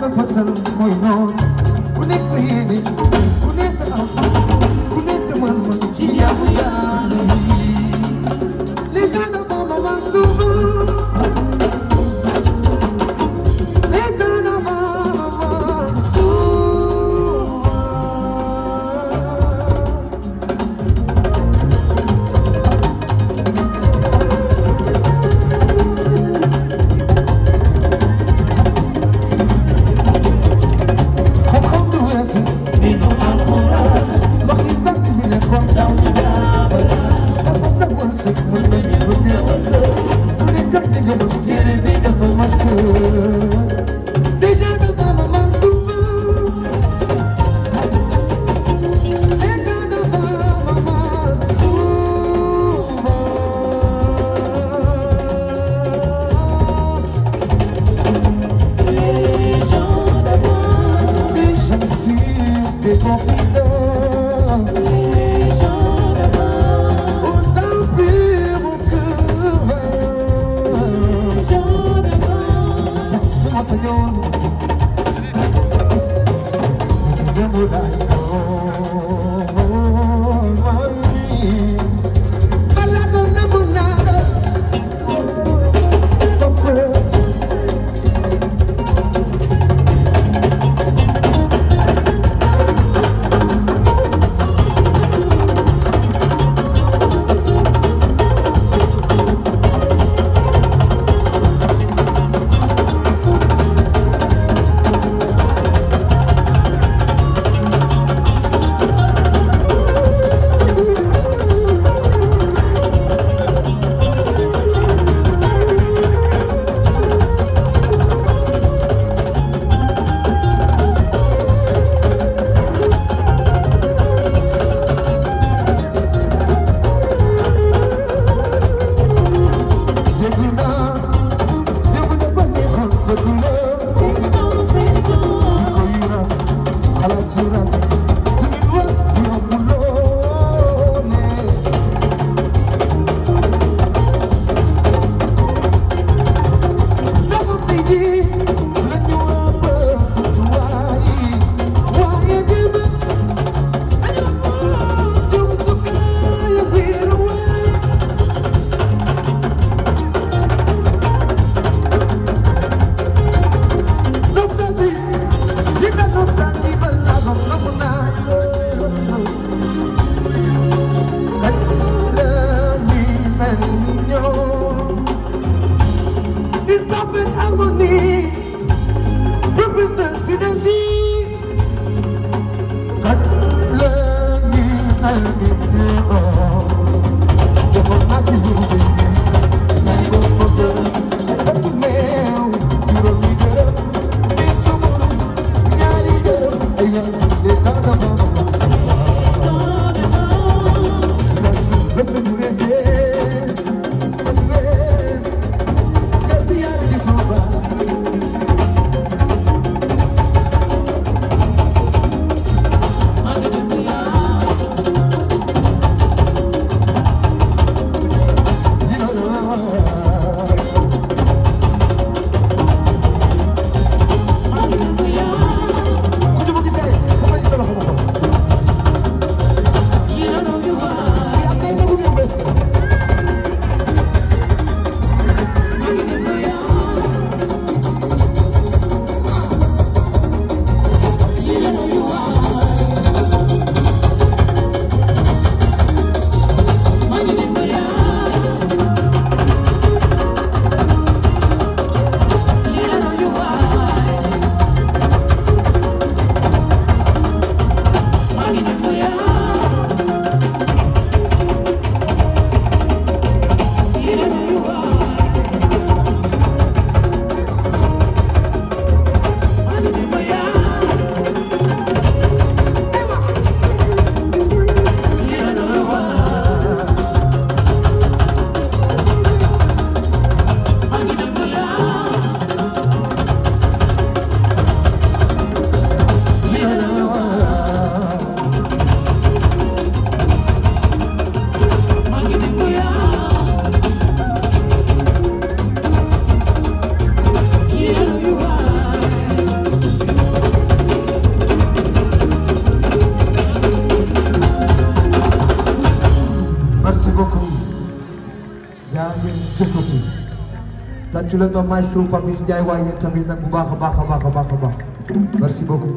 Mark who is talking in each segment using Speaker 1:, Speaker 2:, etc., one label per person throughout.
Speaker 1: ba fasal mooy noonu ku nekk sa yéene ku nekk sa am ku nekk sa man-man ci yàlla la ma maestro Papis Ndiaye waaye yéen tamit nag bu baax a baax a baax a baax a baax merci beaucoup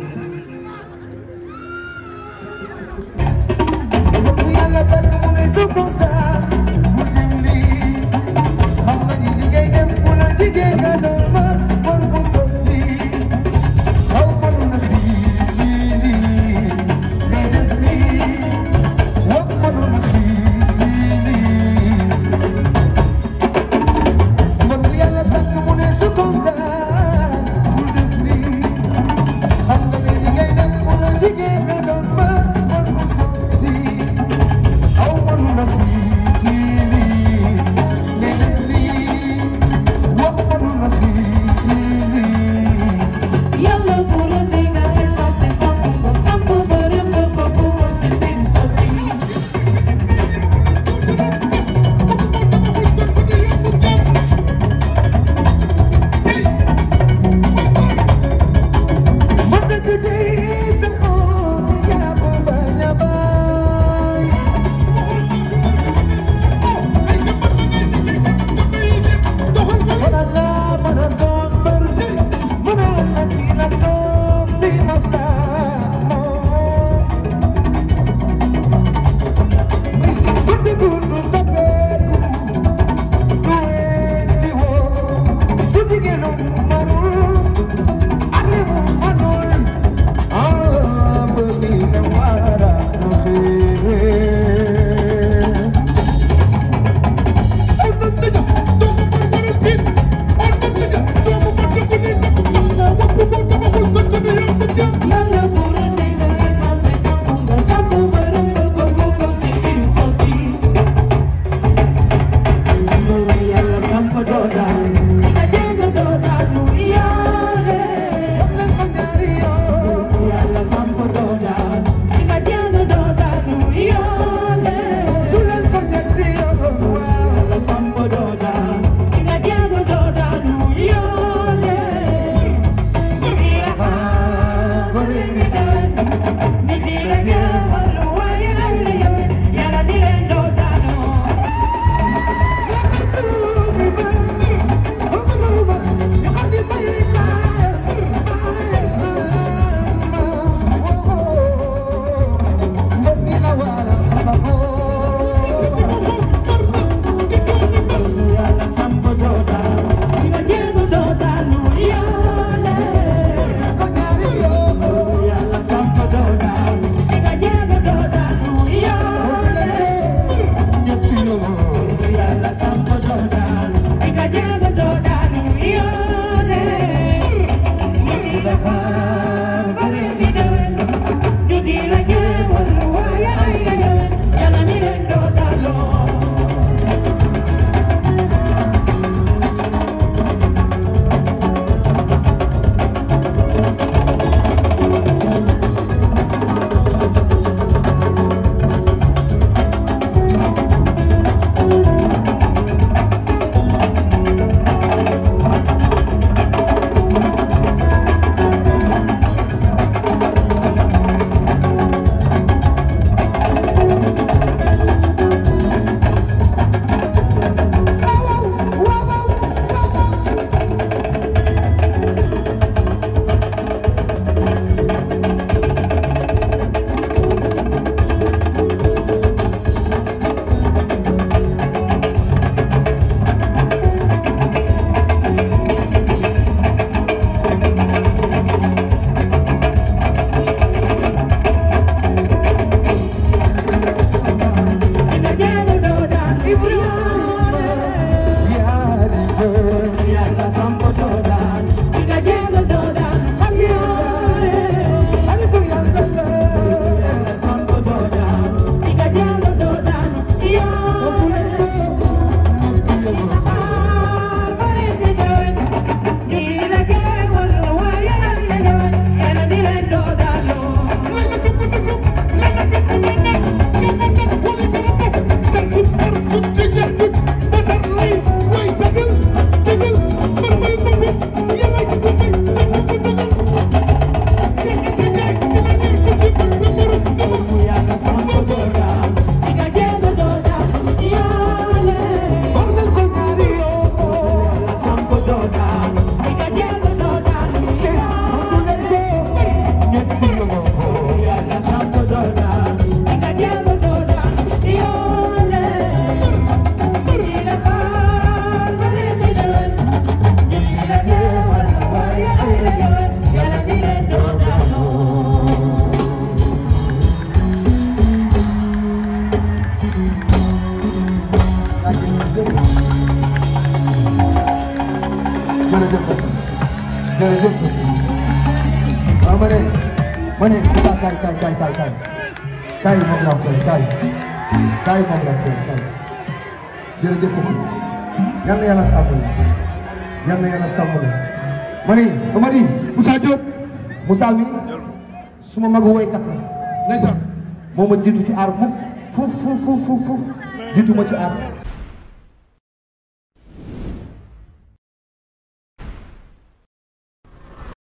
Speaker 1: kaay moom laa koy kaay kaay moom laa koy kaay jërëjëf Fati yal na yàlla sàmm la yal na yàlla sàmm ma ni ma ni Moussa Diop Moussa mi su ma mag woykat la ndeysaan moo ma jiitu ci aar mukk foofu foofu foofu jiitu ma ci aar